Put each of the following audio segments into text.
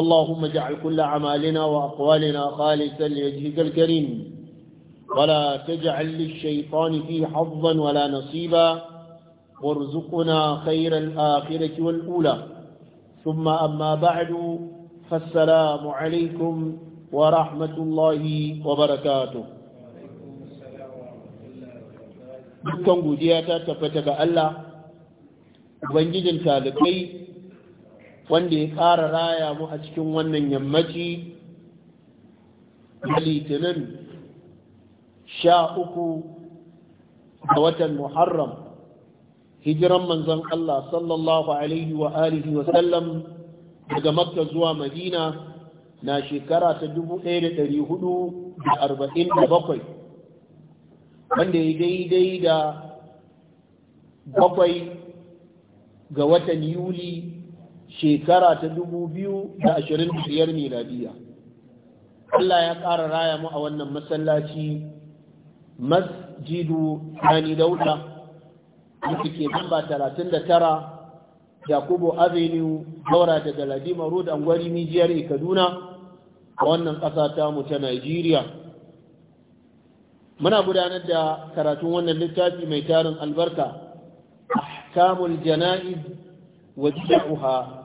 اللهم اجعل كل أعمالنا وأقوالنا خالصا لوجهك الكريم ولا تجعل للشيطان فيه حظا ولا نصيبا وارزقنا خير الآخرة والأولى ثم أما بعد فالسلام عليكم ورحمة الله وبركاته dukkan godiya ta tabbata ga Allah ubangijin talibai wanda ya ƙara raya mu a cikin wannan yammaci da litinin sha uku a watan muharram hijiran manzon Allah sallallahu alaihi wa alihi wa sallam daga makka zuwa madina na shekara ta 1447 wanda ya daidai da bakwai ga watan yuli shekara ta dubu biyu da ashirin biyar miladiya Allah ya ƙara raya mu a wannan masallaci masjidu Sani Dauda wanda ke namba talatin da tara jakubu Avenue Daura da Galadima Road Angwari Mijiyar Kaduna a wannan ƙasa ta mu ta Najeriya. Muna gudanar da karatun wannan littafi mai tarin albarka Ahkamul Jana'iz wa Jida'uha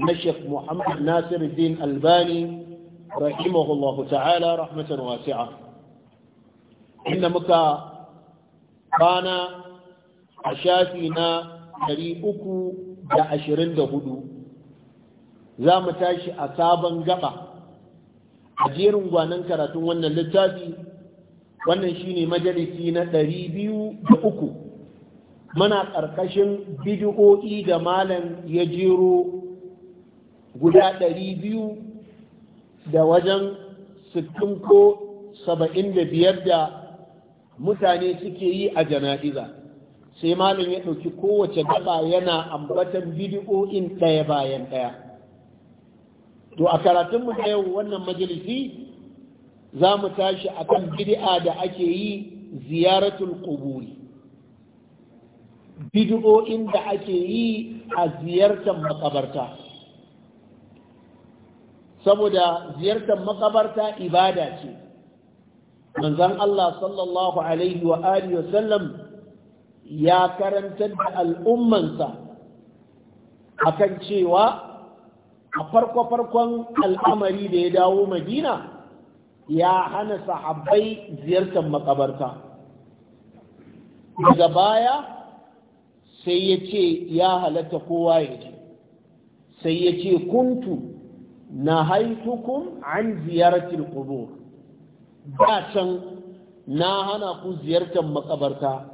na Sheikh Muhammad Nasir din Albani rahimahullahu ta'ala rahmatan wasi'a inda muka bana a shafi na 324 za mu tashi a sabon gaba a jerin gwanon karatun wannan littafi wannan shine majalisi na 203 muna ƙarƙashin bidiyo'i da malam ya jero guda ɗari biyu da wajen sittin ko saba'in da biyar da mutane suke yi a jana'iza sai malam ya ɗauki kowace gaba yana ambatan bidiyo'in ɗaya bayan ɗaya to a karatunmu da yau wannan majalisi za mu tashi a kan bidi'a da ake yi ziyaratul ƙuburi bidiyo'in da ake yi a ziyartar makabarta saboda ziyartar makabarta ibada ce manzan Allah sallallahu alaihi wa alihi wa sallam ya karantar da al'ummansa kan cewa a farko-farkon al'amari da ya dawo madina ya hana sahabbai ziyartar makabarta daga baya sai ya ce ya halatta kowa ya ce sai ya ce kuntu Na haifukun an ziyartar qubur ba can na hana ku ziyartar makabarta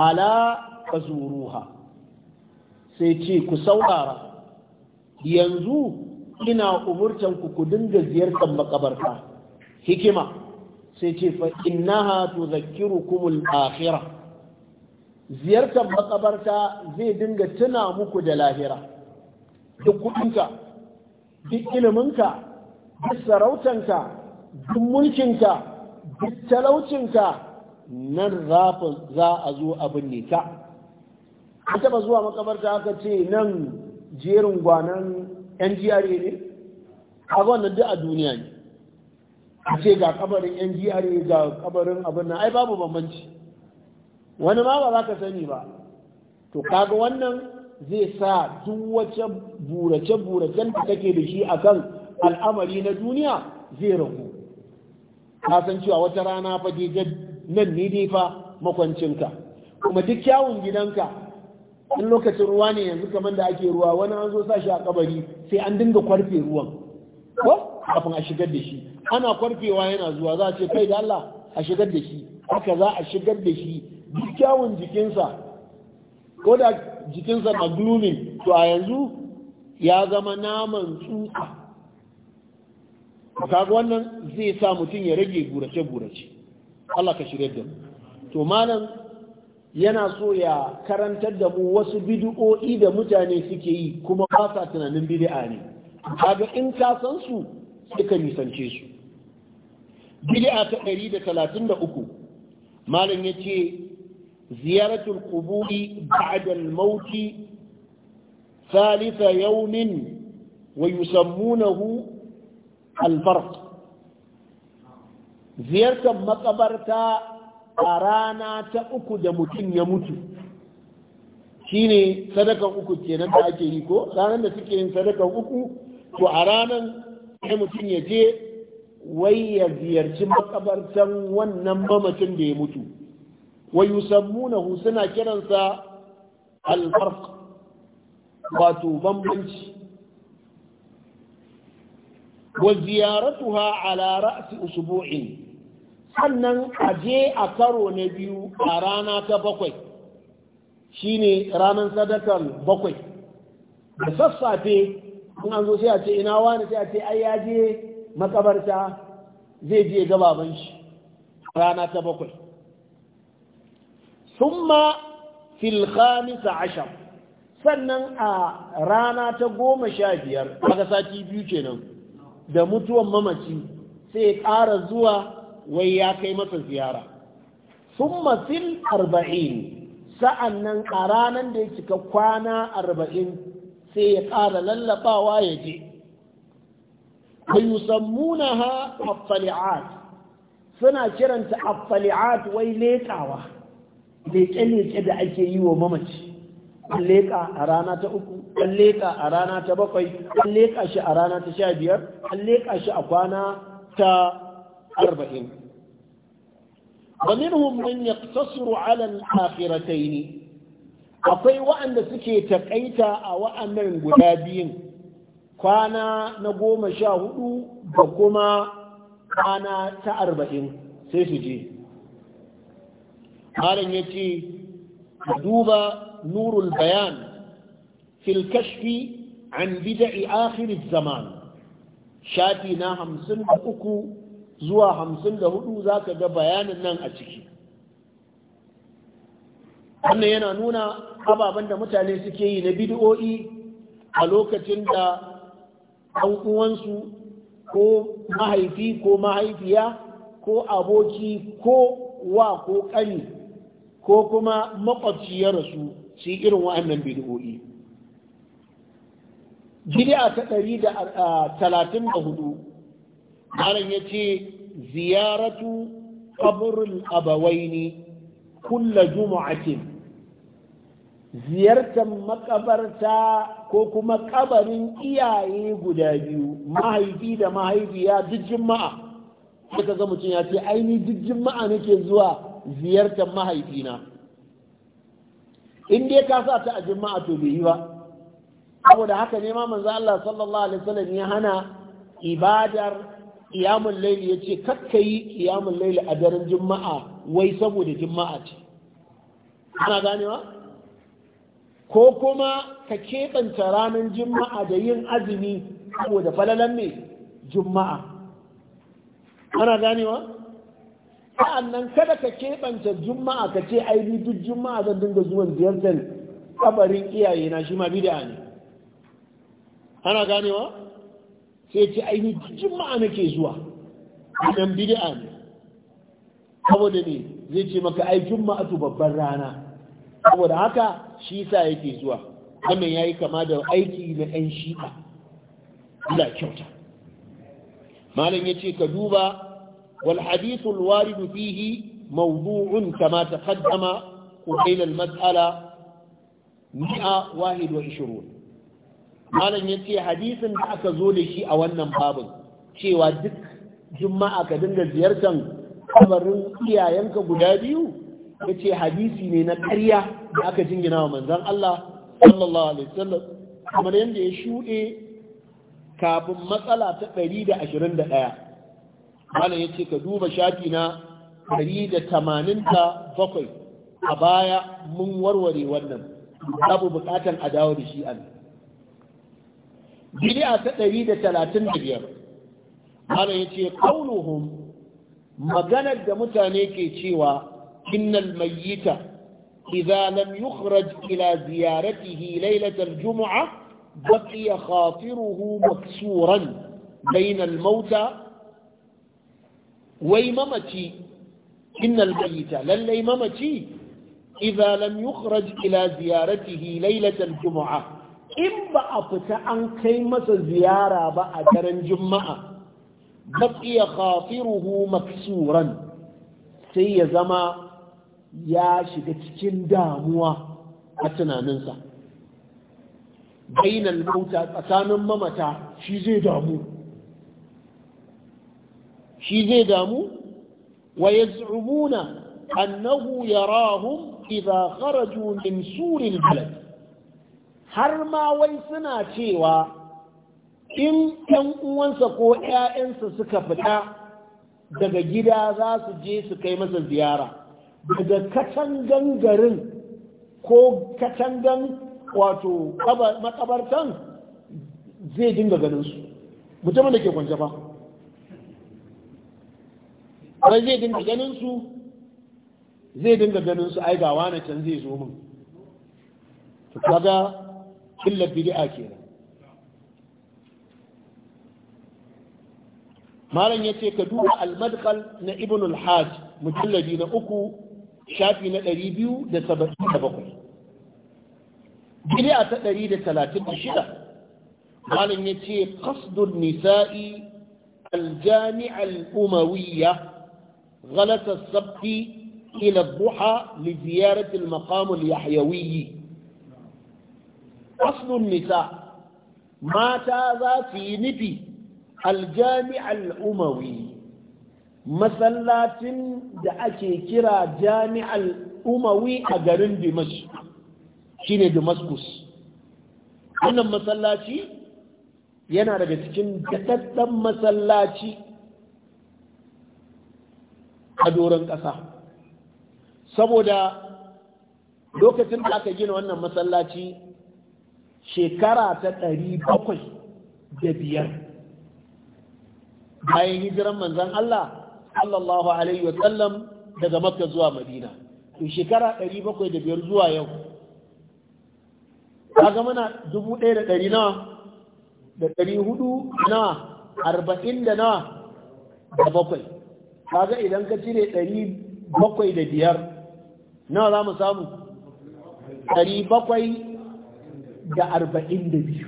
ala fazuruha sai ce ku saurara yanzu ina umurtan ku ku dinga ziyartar makabarta hikima sai ce fa zakiru kumul akhirah ziyartar makabarta zai dinga tuna muku da lahira duk kudinka duk iliminka duk sarautanka duk mulkinka duk talaucinka nan za a zo abin ne ta. an taba zuwa makabarta aka ce nan jerin gwanan yan GRA ne a wannan duk a duniya ne a ce ga kabarin yan ga kabarin abin nan ai babu bambanci wani ma ba za ka sani ba to kaga wannan zai sa duk wace burace-buracen da take da shi akan al'amari na duniya zai ragu ka san cewa wata rana fa dai nan ne dai fa makwancinka kuma duk kyawun gidanka in lokacin ruwa ne yanzu kamar da ake ruwa wani an zo sa shi a kabari sai an dinga kwarfe ruwan ko kafin a shigar da shi ana kwarfewa yana zuwa za a ce kai da Allah a shigar da shi haka za a shigar da shi duk kyawun jikinsa ko da jikinsa maglumin to a yanzu ya zama naman tsutsa kaga wannan zai sa mutum ya rage gurace-gurace Allah ka shirya da mu to malam yana so ya karantar da mu wasu bid'o'i da mutane suke yi kuma ba sa tunanin bid'a ne kaga in ka san su ka nisance su bid'a ta 133 malam yace زيارة القبور بعد الموت ثالث يوم ويسمونه البرق زيارة مقبرة أرانا تأكد متن يموت shine sadakan uku kenan da ake yi ko ranar da suke yin sadakan uku to a ranar sai mutum ya je wai ya ziyarci makabartan wannan mamacin da ya mutu wa yusammunahu suna kiransa al wato bambanci wa ziyaratuha ala ra'si usbu'in sannan aje a karo na biyu a rana ta bakwai shine ranar sadakar bakwai da sassafe in an zo sai a ce ina wani sai a ce ai ya je makabarta zai je gababan a rana ta bakwai thumma fil khamis ashar sannan a rana ta goma sha biyar daga sati biyu kenan da mutuwan mamaci sai ƙara zuwa wai ya kai masa ziyara Suma fil arba'in sa'annan a ranar da ya cika kwana arba'in sai ya ƙara lallafawa ya je ويسمونها الطلعات suna kiranta affali'at wai letawa leƙe-leƙe da ake yi wa mamaci an leƙa a rana ta uku an leƙa a rana ta bakwai an leƙa shi a rana ta sha biyar an leƙa shi a kwana ta arba'in ومنهم من يقتصر afiratai ne. akwai wa'anda suke taƙaita a wa'annan guda biyun kwana na goma sha hudu da kuma kwana ta arba'in sai su je malam ya ce duba nurul bayan fil kashfi an bida'i akhirin zaman shafi na hamsin da uku zuwa hamsin da hudu za ga bayanin nan a ciki wannan yana nuna ababen da mutane suke yi na bid'o'i a lokacin da uwansu ko mahaifi ko mahaifiya ko aboki ko wa ko ƙani ko kuma makwabci ya rasu su yi irin wa'annan bid'o'i bid'a ta ɗari da talatin da hudu malam ya ce ziyaratu abawai abawaini kulla juma'atin ziyartar makabarta ko kuma ƙabarin iyaye guda biyu mahaifi da mahaifiya duk jima'a suka ga mutum ya ce aini duk jima'a nake zuwa ziyartar mahaifina in dai ka sa ta a juma'a to bai yi ba saboda haka ne ma manzo Allah sallallahu alaihi wasallam ya hana ibadar qiyamul layli yace kakka yi iyamun layli a daren juma'a wai saboda juma'a ce ana ganewa ko kuma ka keɓanta ranar juma'a da yin azumi saboda falalan ne juma'a ana ganewa sa'annan kada ka keɓanta juma'a ka ce ai ni duk juma'a zan dinga zuwan ziyartar kabarin iyaye na shi ma bid'a ne ana ganewa sai ce ai ni duk juma'a nake zuwa wannan bid'a ne saboda ne zai ce maka ai juma'atu babban rana saboda haka shi sa yake zuwa wannan yi kama da aiki na ɗan shi'a ila kyauta malam yace ka duba Wal والحديث الوارد فيه موضوع كما تقدم قبيل المسألة 121 malam ya ce hadisin da aka zo da shi a wannan babin cewa duk juma'a ka dinga ziyartar kabarin iyayenka guda biyu ya ce hadisi ne na karya da aka jingina wa manzan Allah sallallahu alaihi wasallam kamar yadda ya shuɗe kafin matsala ta ɗari da da ɗaya. ya yace ka duba shafi na 187 a baya mun warware wannan babu bukatan a dawo da shi an bid'a ta 135 ya yace qauluhum maganar da mutane ke cewa innal mayyita iza lam yukhraj ila ziyaratihi lailatal jumu'ah بقي خاطره maksuran بين mauta. wai mamaci innal bayyita lallai mamaci idza lam yukhraj ila ziyaratihi lailatal Juma'a. in ba a fita an kai masa ziyara ba a daren juma'a baqiya khatiruhu maksuran sai ya zama ya shiga cikin damuwa a tunaninsa bainal mauta tsakanin mamata shi zai damu shi zai damu wa yaz'umuna annahu yarahum idza kharaju min suril balad har ma wai suna cewa in ɗan uwansa ko ‘ya'yansa suka fita daga gida za su je su kai masa ziyara daga katangan garin ko katangan wato makabartan zai dinga ganinsu mutumin da ke kwance ba wai zai dinga ganin su zai dinga ganin su ai ga wani can zai zo min to kaga illa bid'a kenan malam yace ka duba al-madkhal na ibn al-hajj mujalladi na uku shafi na 277 bid'a ta 136 malam yace qasdun nisa'i al-jami'a غلس السبت إلى الضحى لزيارة المقام اليحيوي أصل النساء mata ذا في نبي الجامع الأموي masallacin da ake kira jami'an umawi a garin dimashq shine damascus wannan masallaci yana daga cikin daɗaɗɗen masallaci a doron ƙasa saboda lokacin da aka gina wannan masallaci shekara ta ɗari bakwai da biyar bayan hijiran manzan Allah sallallahu alaihi wasallam daga makka zuwa madina to shekara ɗari bakwai da biyar zuwa yau ta kaga mana dubu ɗaya da ɗari nawa da ɗari hudu nawa arba'in da nawa da bakwai kaga idan ka cire ɗari bakwai biyar nawa za mu samu ɗari da arba'in da biyu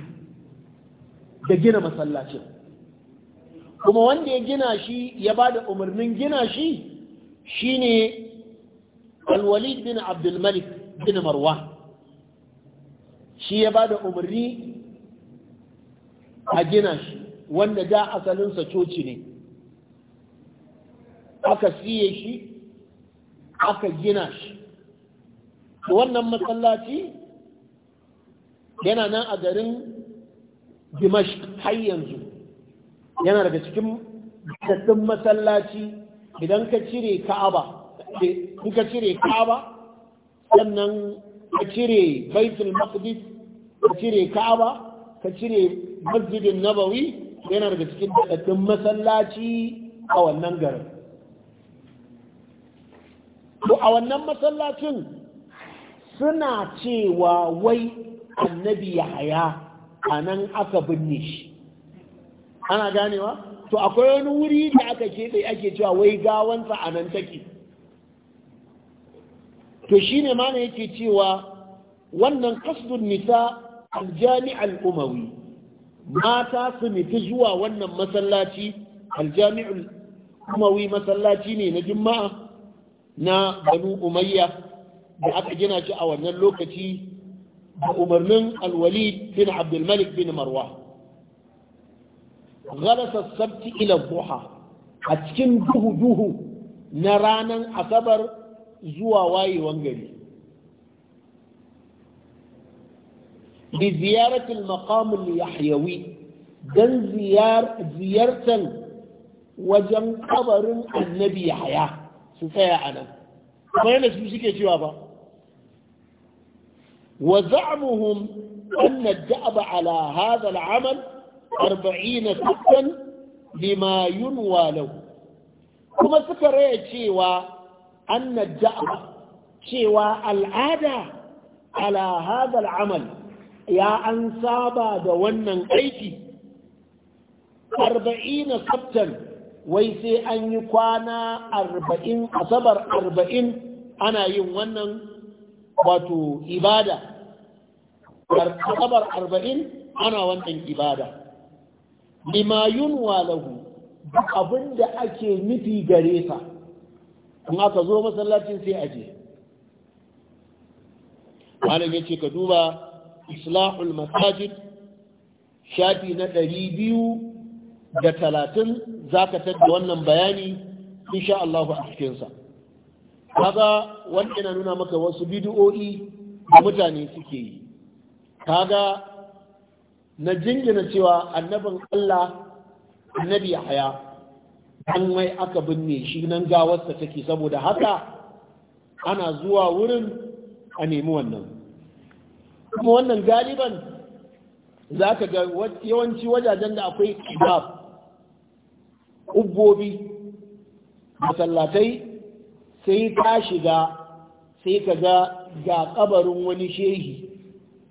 da gina masallacin kuma wanda ya gina shi ya ba da umarnin gina shi shi ne alwalid bin abdulmalik bin Marwa, shi ya ba da umarni a gina shi wanda da asalinsa coci ne aka siye shi aka gina shi wannan masallaci yana nan a garin dimash har yanzu yana daga cikin daɗin masallaci idan ka cire ka'aba in ka cire ka'aba sannan ka cire baitul maqdis ka cire ka'aba ka cire masjidin nabawi yana daga cikin daɗin masallaci a wannan garin to a wannan masallacin suna cewa wai annabi yahaya a nan aka binne shi ana ganewa to akwai wani wuri da aka keɓe ake cewa wai gawansa a nan take to shine ma yake cewa wannan kasdun nisa aljami al'umawi mata su nufi zuwa wannan masallaci aljami al'umawi masallaci ne na juma'a na banu umayya da aka gina shi a wannan lokaci da umarnin alwali bin abdulmalik bin marwa ghalasa sabti ila buha a cikin duhu duhu na ranar asabar zuwa wayewan gari bi ziyaratul maqamul yahyawi dan ziyartar wajen kabarin annabi yahya Sun tsaya a nan kuma yana su suke cewa ba wa za'muhum anna da'aba ala hadha al'amal 40 sittan lima yunwa lahu kuma suka raya cewa anna da'aba cewa al'ada ala hadha al'amal ya an saba da wannan aiki 40 sittan wai sai an yi kwana arba'in asabar arba'in ana yin wannan wato ibada asabar arba'in ana wannan ibada lima yunwa lahu abin da ake nufi gare sa in aka zo masallacin sai aje malam ya ce ka duba islahul masajid shafi na ɗari biyu da talatin za ka tattara wannan bayani insha Allahu a cikinsa kaga wani yana nuna maka wasu bidiyo'i da mutane suke yi kaga na jingina cewa annabin Allah annabi haya an mai aka binne shi nan gawarsa take saboda haka ana zuwa wurin a nemi wannan kuma wannan galiban za ka ga yawanci wajajen da akwai kibab ƙubbobi masallatai sai ta shiga sai ka ga ga ƙabarin wani shehi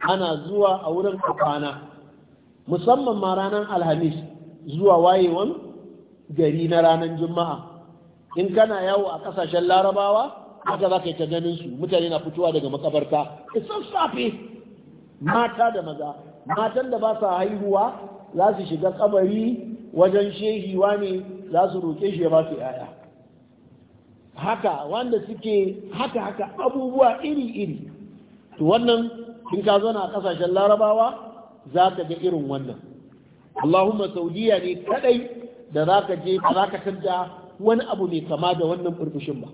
ana zuwa a wurin kwana musamman ma ranar alhamis zuwa wayewan gari na ranar juma'a in kana yawo a ƙasashen larabawa haka za ka yi ta ganin su mutane na fitowa daga makabarta isan safe mata da maza matan da ba sa haihuwa za su shiga kabari wajen shehi ne za su roƙe shi ya ba su ‘ya'ya haka wanda suke haka haka abubuwa iri-iri to wannan kin ka zo na ƙasashen larabawa za ka ga irin wannan Allahumma saudiya ne kadai da za ka je ba za ka tadda wani abu ne kama da wannan burbushin ba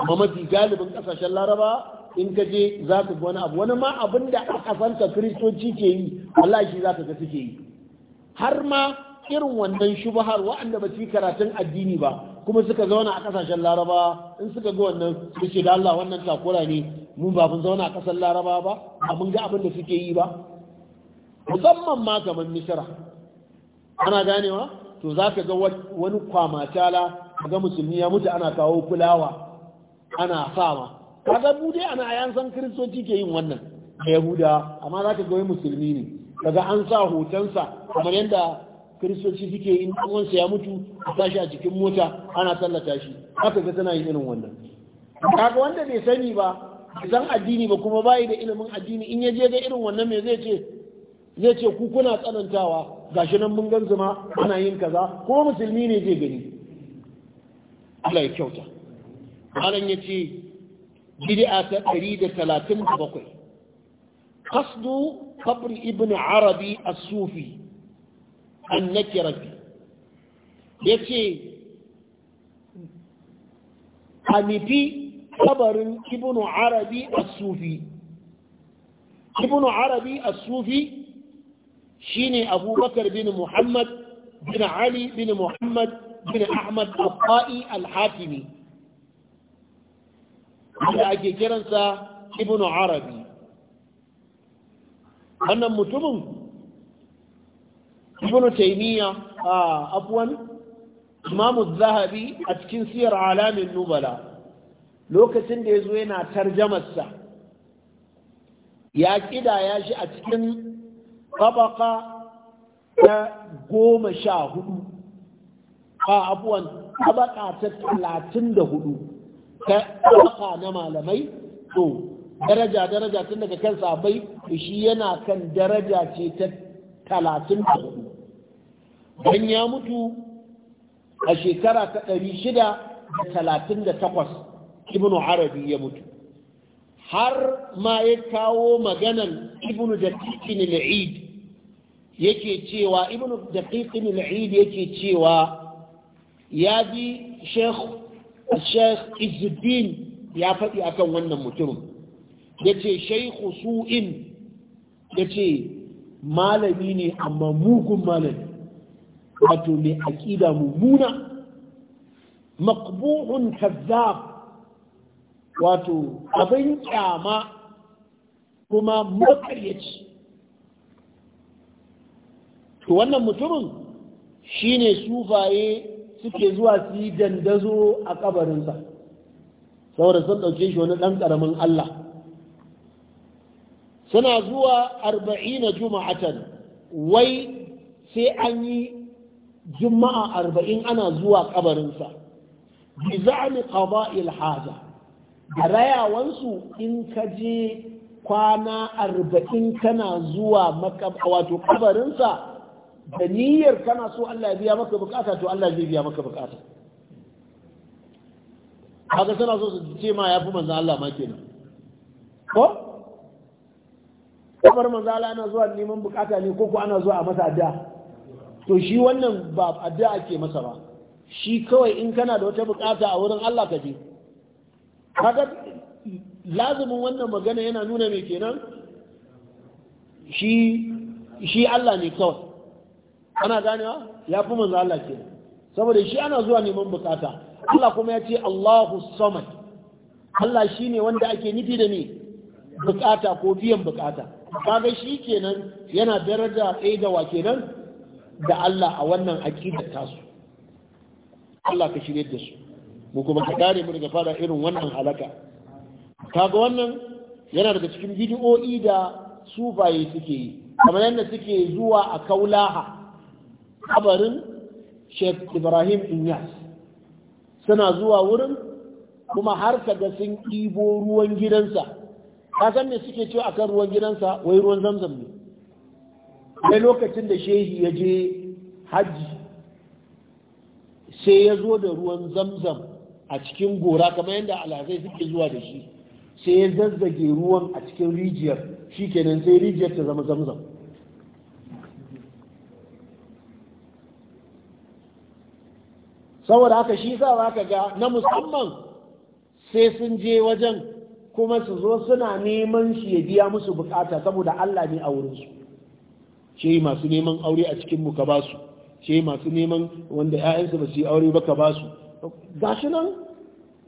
amma mafi galibin kasashen laraba in ka je za ka ga wani abu wani ma abin da aka santa kiristoci ke yi Allah shi za ka ga suke yi har ma irin wannan shubahar wa'anda ba su karatun addini ba kuma suka zauna a kasashen laraba in suka ga wannan su ce da Allah wannan takura ne mun ba mun zauna a kasar laraba ba a mun ga abin da suke yi ba musamman ma kamar misira ana ganewa to za ka ga wani kwamatala ga musulmi ya mutu ana kawo kulawa ana sama kaga mu dai ana yan san kiristoci ke yin wannan da yahuda amma za ka ga wai musulmi ne ga an sa hotonsa kamar yadda kiristoci suke in ɗanwansa ya mutu a tashi a cikin mota ana tallata shi haka ga tana yin irin wannan kaga wanda bai sani ba san addini ba kuma bayi da ilimin addini in ya je ga irin wannan me zai ce zai ce ku kuna tsanantawa gashi nan mun gan ma ana yin kaza ko musulmi ne zai gani Allah ya kyauta malam da bid'a ta 137 qasdu qabr ibn arabi as-sufi an yake rabbi ya ce a nufi kabarin ibnu arabi a sufi ibnu arabi a sufi shi ne abubakar bin muhammad bin ali bin muhammad bin ahmad abba'i al-hatimi da ake kiransa ibnu arabi wannan mutumin ibn taymiya a ah, afwan imam zahabi a cikin siyar alamin nubala lokacin da ya zo yana tarjamarsa ya ƙidaya shi a cikin tabaka ta goma sha hudu a ah, abuwan tabaka ta talatin da hudu ta na malamai to daraja daraja tun daga kan sabai shi yana kan daraja ce ta talatin da hudu don ya mutu a shekara ta ɗari shida da talatin da takwas ibnu arabi ya mutu har ma ya kawo maganan ibnu da tikin al'id yake cewa ibnu da tikin al'id yake cewa ya bi sheikh الشيخ الزبين ya faɗi akan wannan mutumin ya ce shaikhu su'in ya ce malami ne amma mugun malami wato mai aƙida mummuna makbuhun kazzab wato abin kyama kuma makaryaci to wannan mutumin shine sufaye suke zuwa su yi dandazo a kabarinsa saboda sun ɗauke shi wani ɗan ƙaramin Allah suna zuwa arba'ina juma'atan wai sai an yi juma'a arba'in ana zuwa kabarinsa bi za'ami qada'il haja da rayawansu in ka je kwana arba'in kana zuwa wato kabarinsa da niyyar kana so Allah ya biya maka bukata to Allah zai biya maka bukata haka tana so su ce ma yafi manzo Allah ma kenan ko kamar manzo Allah ana zuwa neman bukata ne ko ko ana zuwa a masa addu'a to shi wannan ba addu'a ake masa ba shi kawai in kana da wata bukata a wurin Allah ka je kaga lazumin wannan magana yana nuna mai kenan shi shi Allah ne kawai ana ganewa ya fi manzo Allah ke saboda shi ana zuwa neman bukata Allah kuma ya ce Allahu samad Allah shi ne wanda ake nufi da ni bukata ko biyan bukata kaga shi kenan yana daraja ɗaya da wa kenan da Allah a wannan aƙidar tasu Allah ka shirye da su mu kuma ka kare mu daga fara irin wannan halaka kaga wannan yana daga cikin bidiyo'i da sufaye suke yi kamar yadda suke zuwa a kaulaha kabarin Sheikh Ibrahim Inyas suna zuwa wurin kuma har kaga sun ibo ruwan gidansa ka san me suke cewa akan ruwan gidansa wai ruwan zamzam ne sai lokacin da shehi ya je hajji sai ya zo da ruwan zamzam a cikin gora kamar yadda alazai suke zuwa da shi sai ya zazzage ruwan a cikin rijiyar shi kenan sai rijiyar ta zama zamzam saboda haka shi sa za ka ga na musamman sai sun je wajen kuma su zo suna neman shi ya biya musu bukata saboda Allah ne a wurinsu ce masu neman aure a cikin ka ba su ce masu neman wanda ƴaƴansu ba su yi aure ba ka ba su gashi nan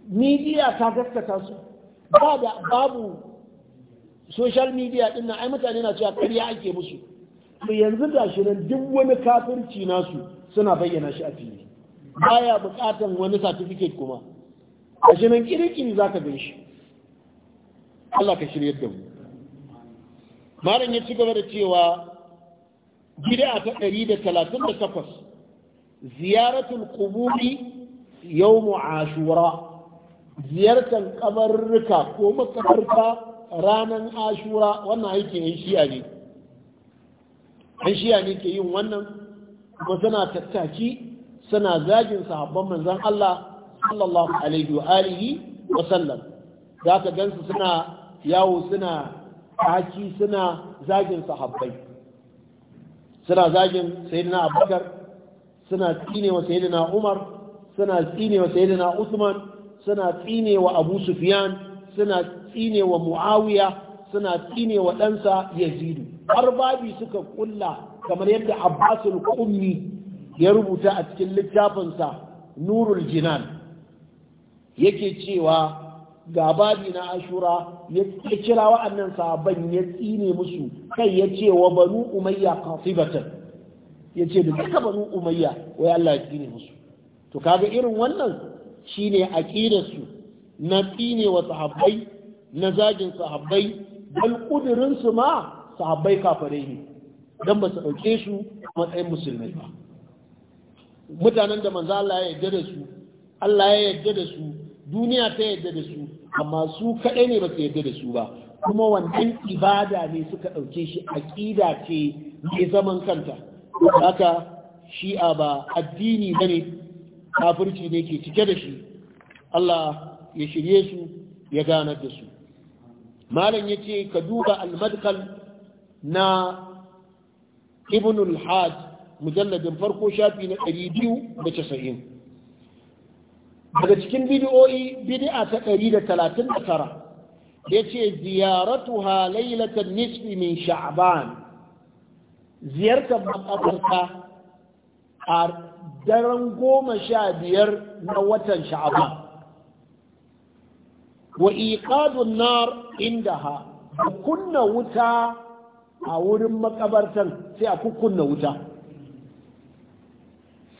media ta gaskata su ba da babu social media din nan ai mutane na cewa ƙarya ake musu to yanzu gashi nan duk wani kafirci nasu suna bayyana shi a fili baya bukatan wani certificate kuma gashi nan za zaka gan shi Allah ka shiryar da mu malam ya ci gaba da cewa bid'a ta 138 ziyaratul quburi yau ashura ziyartar kabarruka ko makabarta ranar ashura wannan aikin yan shi'a ne yan shi'a ne ke yin wannan kuma suna tattaki suna zagin sahabban manzon Allah sallallahu alaihi wa alihi wa sallam za ka gansu suna yawo suna taki suna zagin sahabbai suna zagin sayyidina abubakar suna tsinewa sayyidina umar suna tsinewa sayyidina usman suna tsinewa abu sufyan suna tsinewa muawiya suna tsinewa ɗansa yazidu har babi suka kulla kamar yadda abbasul ummi ya rubuta a cikin littafinsa nurul jinan yake cewa ga babi na ashura ya kira wa'annan sahabban ya tsine musu kai ya ce wa banu umayya qasibatan ya ce da duka banu umayya wai Allah ya tsine musu to kaga irin wannan shine aqidarsu su na tsine wa sahabbai na zagin sahabbai dan kudirin su ma sahabbai kafirai ne dan ba su dauke su matsayin musulmai ba mutanen da manzo Allah ya yarda da su Allah ya yarda da su duniya ta yadda da su amma su kaɗai ne ba su yadda da su ba kuma wannan ibada ne suka ɗauke shi aƙida ce mai zaman kanta haka shi'a ba addini ba ne kafirci ne ke cike da shi Allah ya shirye su ya ganar da su malam ya ce ka duba almadkal na ibn al-hajj mujalladin farko shafi na 290 daga cikin bidiyoyi bidi'a ta da ce ziyaratu ha lailatan nisfi min sha'ban ziyarta makabarta a daren goma sha biyar na watan sha'ban wa iqadun nar indaha kunna wuta a wurin makabartan sai a kukkunna wuta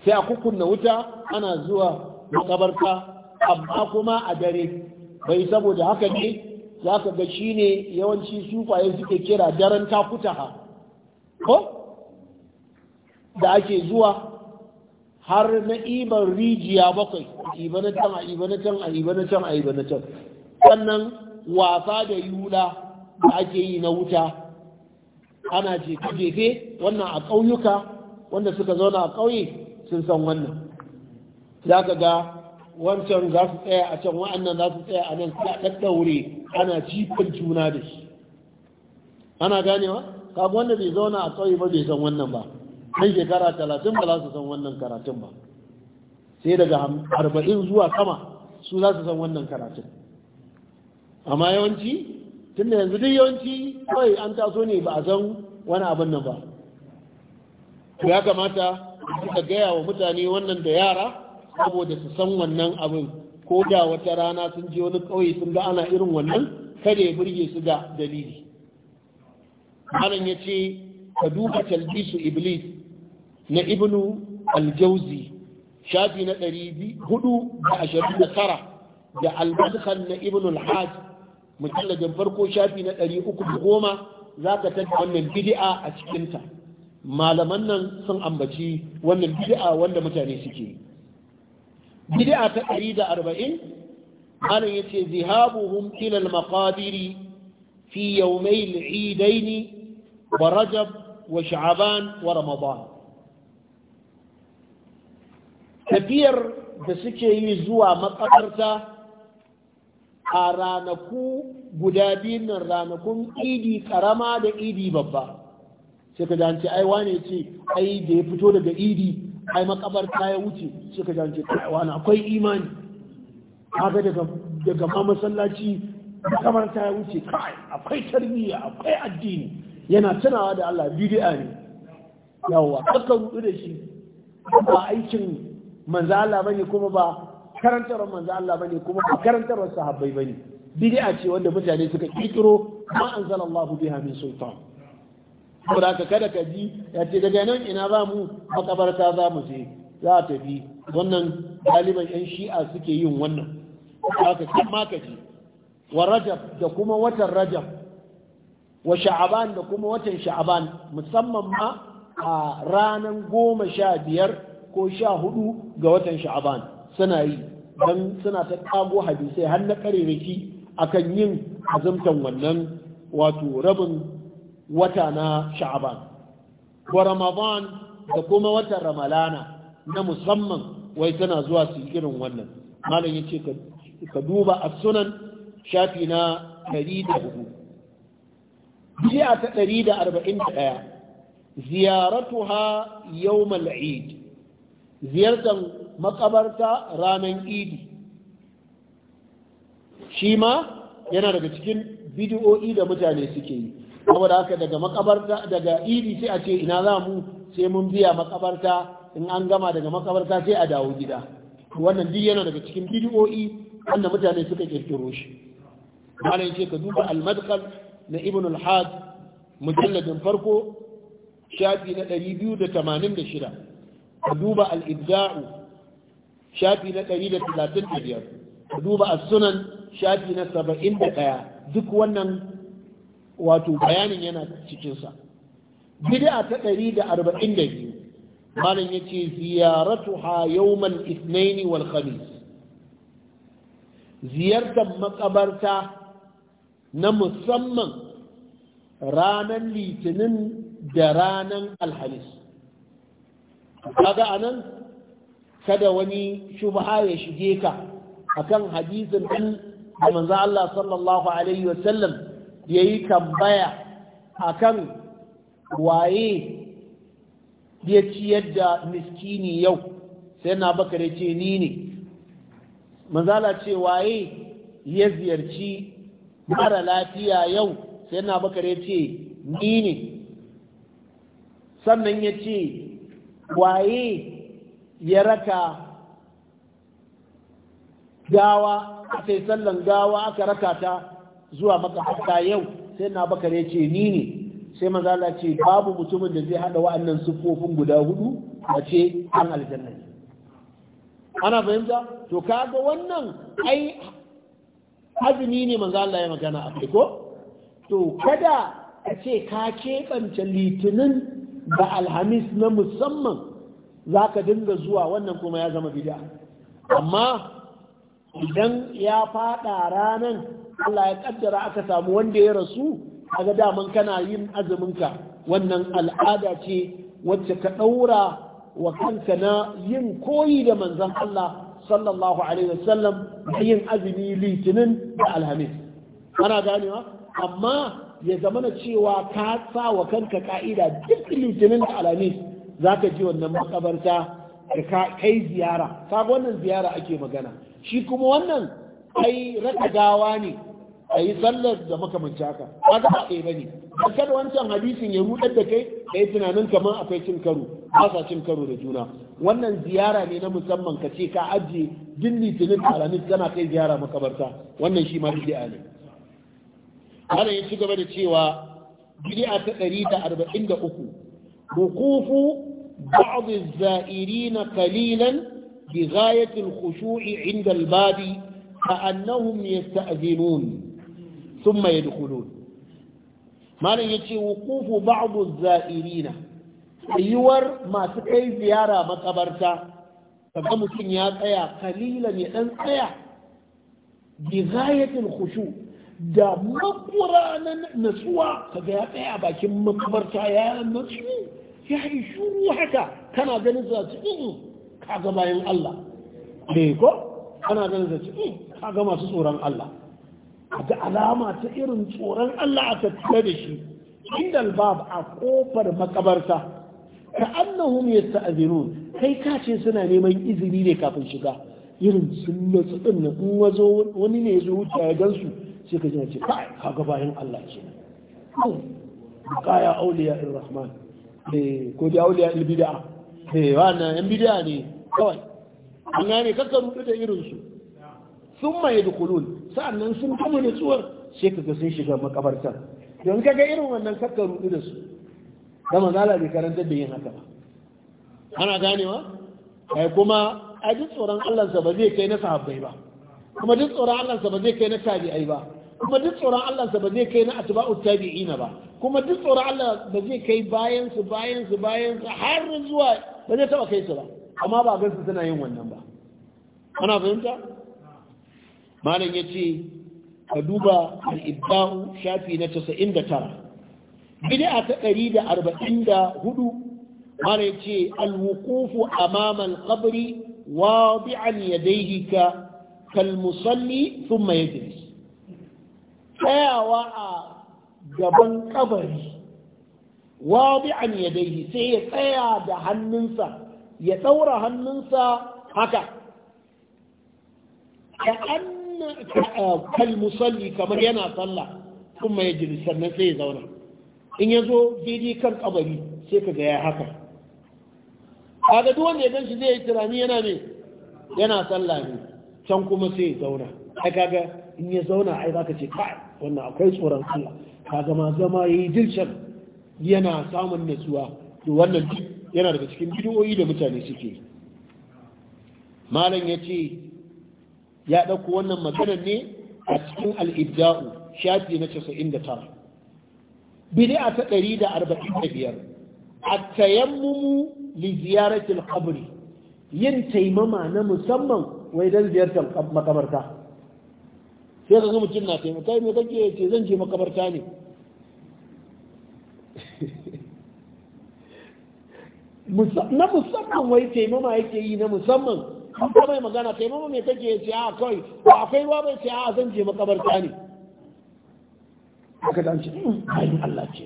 sai a kukkunna wuta ana zuwa makabarta amma kuma a dare bai saboda haka ne za ka ga shi ne yawanci sufaye suke kira daren ha, ko da ake zuwa har na iban rijiya bakwai ibanatan a ibanatan a ibanatan a ibanatan sannan wasa da yula da ake yi na wuta ana jefe-jefe wannan a ƙauyuka wanda suka zauna a ƙauye sun san wannan za ka ga wancan za su tsaya a can wa'annan za su tsaya a nan sai a ɗaɗɗaure ana jifan juna da shi ana ganewa kaga wanda bai zauna a ƙauye ba bai san wannan ba nan shekara talatin ba za su san wannan karatun ba sai daga arba'in zuwa sama su za su san wannan karatun amma yawanci tun da yanzu duk yawanci kawai an taso ne ba a san wani abin nan ba ya kamata ka gaya wa mutane wannan da yara saboda su san wannan abin ko da wata rana sun je wani ƙauye sun ga ana irin wannan kada ya burge su ga dalili malam ya ce ka duba talbisu iblis na ibnu aljauzi shafi na ɗari hudu da ashirin da tara da albadkan na ibnu alhaj mujalladin farko shafi na ɗari uku da goma za ka tattara wannan bid'a a cikinta malaman nan sun ambaci wannan bid'a wanda mutane suke yi bid'a ta 140 malam yace zihabuhum ila al-maqadir fi yawmay al-eidain wa rajab wa sha'ban wa ramadan tafiyar da suke yi zuwa makabarta a ranaku guda biyun nan ranakun idi karama da idi babba sai ka dace ai ce ai da ya fito daga idi ai makabarta ya wuce suka jance wani akwai imani haka daga daga ma masallaci makabarta ya wuce kai akwai tarbiyya akwai addini yana tunawa da Allah bidia ne yawa kakka rudu da shi ba aikin manzo Allah bane kuma ba karantarwar manzo Allah bane kuma ba karantarwar sahabbai bane bidi'a ce wanda mutane suka kikiro ma anzalallahu biha min sultan saboda haka kada ka ji ya ce daga nan ina za mu makabarta za mu je za a tafi wannan galiban yan shi'a suke yin wannan haka kan ma ka ji wa rajab da kuma watan rajab wa sha'aban da kuma watan sha'aban musamman ma a ranar goma sha biyar ko sha hudu ga watan sha'aban suna yi don suna ta kago hadisai har na kareriki akan yin azumtan wannan wato rabin wata na sha'aban wa ramadan da kuma wata ramalana na musamman wai tana zuwa su irin wannan malam yace ka duba as-sunan shafi na 104 jiya ta 141 ziyaratuha yawm al-eid ziyartan makabarta ranan idi shi ma yana daga cikin bidiyo'i da mutane suke yi saboda haka daga makabarta daga iri sai a ce ina za mu sai mun biya makabarta in an gama daga makabarta sai a dawo gida wannan duk yana daga cikin bidiyoyi wanda mutane suka kirkiro shi malam ce ka duba al na ibn al-had mujalladin farko shafi na 286 ka duba al-ibda'u shafi na 135 ka duba as-sunan shafi na 71 duk wannan wato bayanin yana cikinsa bid'a ta ɗari da arba'in da biyu malam ya ce ziyaratuha yawman isnaini wal khamis ziyartar makabarta na musamman ranar litinin da ranar alhamis kaga anan kada wani shubha ya shige ka akan hadisin din da manzo Allah sallallahu alaihi sallam. ya yi tambaya a kan waye ya ciyar da miskini yau sai na baka da ce ni ne manzala ce waye ya ziyarci mara lafiya yau sai na baka da ce ni ne sannan ya ce waye ya raka gawa a sai sallan gawa aka raka ta zuwa maka hatta yau sai na baka ne ce ni ne sai manzala ce babu mutumin da zai hada wa'annan siffofin guda hudu a ce an aljanna ana fahimta to kaga wannan ai azumi ne manzala ya magana a kai ko to kada a ce ka keɓance litinin da alhamis na musamman za ka dinga zuwa wannan kuma ya zama bida amma idan ya fada ranan Allah ya kaddara aka samu wanda ya rasu kaga daman kana yin azuminka wannan al'ada ce wacce ka ɗaura wa kanka na yin koyi da manzon Allah sallallahu alaihi wasallam da yin azumi litinin da alhamis ana ganewa amma ya zamana cewa ka sa wa kanka ka'ida duk litinin da alhamis zaka ji wannan makabarta ka kai ziyara kaga wannan ziyara ake magana shi kuma wannan ai raka gawa ne a yi sallar da makamanci haka ba za a ɗaya bane don kada wancan hadisin ya rudar da kai da ya tunanin kamar akwai cin karo ba sa cin karo da juna wannan ziyara ne na musamman ka ce ka ajiye din litinin alamis tana kai ziyara makabarta wannan shi ma bid'a ne Allah ya ci gaba da cewa bid'a ta 143 wuqufu kalilan, الزائرين قليلا بغاية الخشوع عند الباب كأنهم يستأذنون thumma yadkhulun malam yace wuqufu ba'd az-za'irina yiwar masu kai ziyara makabarta kaga mutum ya tsaya kalilan ya dan tsaya bi ghayatil khushu da makura na natsuwa kaga ya tsaya bakin makabarta ya natsu ya yi shuru haka kana ganin za su kaga bayan Allah ne ko kana ganin za su kaga masu tsoron Allah da alama ta irin tsoron Allah a tattare da shi inda albab a kofar makabarta ka annahum yasta'zinun kai ka ce suna neman izini ne kafin shiga irin sun nutsu din ne in wazo wani ne zo wuce ya gansu sai ka ji ce kai kaga bayan Allah ce kaya auliya irrahman eh ko da auliya albid'a eh wannan yan bid'a ne kawai an ne kakkaru da irin su summa yadkhulun sa'annan sun da tsuwar sai ka sun shiga makabarta don ka ga irin wannan kakka rudu da su da manzala bai karanta da yin haka ba ana ganewa kai kuma a duk tsoron Allah sa ba zai kai na sahabbai ba kuma duk tsoron Allah sa ba zai kai na tabi'ai ba kuma duk tsoron Allah sa ba zai kai na atba'ut tabi'ina ba kuma duk tsoron Allah ba zai kai bayan su bayan su bayan su har zuwa ba zai taba kai su ba amma ba gansu suna yin wannan ba ana fahimta malam ya ce ka duba al'ibba'u shafi na 99 bid'a ta 144 malam ya ce alwukufu amaman kabri ya daihi ka kalmusalli sun mai yadris tsayawa a gaban kabari ya daihi, sai ya tsaya da hannunsa ya ɗaura hannunsa haka ka kalmusalli kamar yana sallah kuma ya jiri sannan sai ya zauna in ya zo daidai kan kabari sai ka ga ya haka a ga duwan da ya gan zai yi tunani yana ne yana sallah ne can kuma sai ya zauna ai kaga in ya zauna ai zaka ce kai wannan akwai tsoron Allah ka gama zama yi dilshan yana samun natsuwa to wannan yana daga cikin bidiyoyi da mutane suke malam ya ce. ya ɗauko wannan maganar ne a cikin al'ibda'u shafi na 99 bid'a ta 145 at-tayammumu li ziyarati al-qabr yin taimama na musamman wai dan ziyartar makabarta sai ka ga mutum na taimaka me kake ce zan je makabarta ne na musamman wai taimama yake yi na musamman an ba mai magana kai mama me kake ya ce a ah, kawai ba akwai ruwa bai ce ah, a zan je makabarta ne haka dan ce ayin Allah ce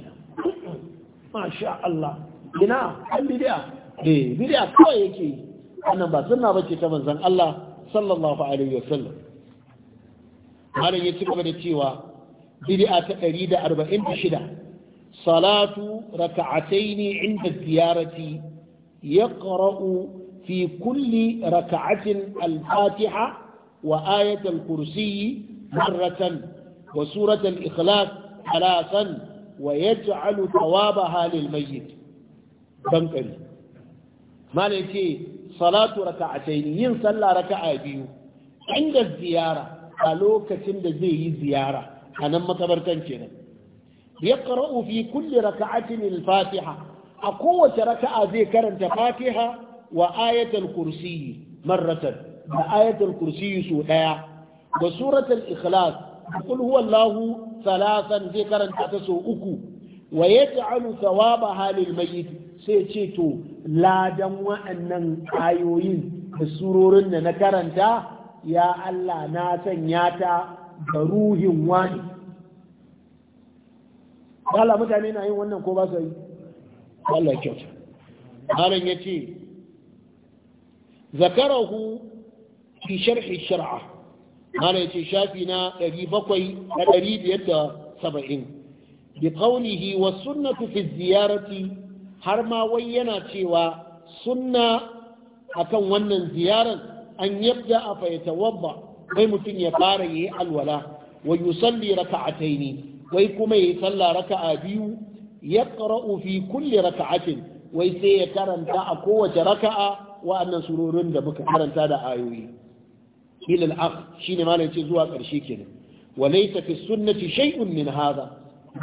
masha Allah ina an bidiya eh bidiya kawai yake yi wannan ba sunna bace ta manzon Allah sallallahu alaihi wasallam malam ya ci gaba da cewa bid'a ta 146 salatu raka'ataini inda ziyarati yaqra'u في كل ركعة الفاتحة وآية الكرسي مرة وسورة الإخلاص ثلاثا ويجعل ثوابها للميت بنكري ما لكي صلاة ركعتين ين صلى ركعة بيو عند الزيارة ألوك تند زي زيارة أنا ما كبرتن كنا يقرأ في كل ركعة الفاتحة أقوة ركعة زي كرنت فاتحة wa ayatul kursi marratan da ayatul kursi su daya da suratul ikhlas kul Lahu salasan zai karanta ta sau uku wa yaj'alu thawabaha lil mayyit sai ce to ladan waɗannan ayoyin da surorin da na karanta ya Allah na sanya ta ga ruhin wani Allah mutane na yin wannan ko ba su yi Allah kyauta Malam ya ce, zakarahu fi sharhi shar'a mana yace shafi na 770 bi qawlihi was sunnatu fi ziyarati har ma wai yana cewa sunna akan wannan ziyaran an yabda a fa yatawadda wai mutum ya fara yayi alwala wai wa yusalli raka'ataini wai kuma yayi sallah raka'a biyu yaqra'u fi kulli raka'atin wai sai ya karanta a kowace raka'a waɗannan surorin da muka karanta da ayoyi ilal akh shine ne ce zuwa ƙarshe kenan walaysa fi sunnati shay'un min hadha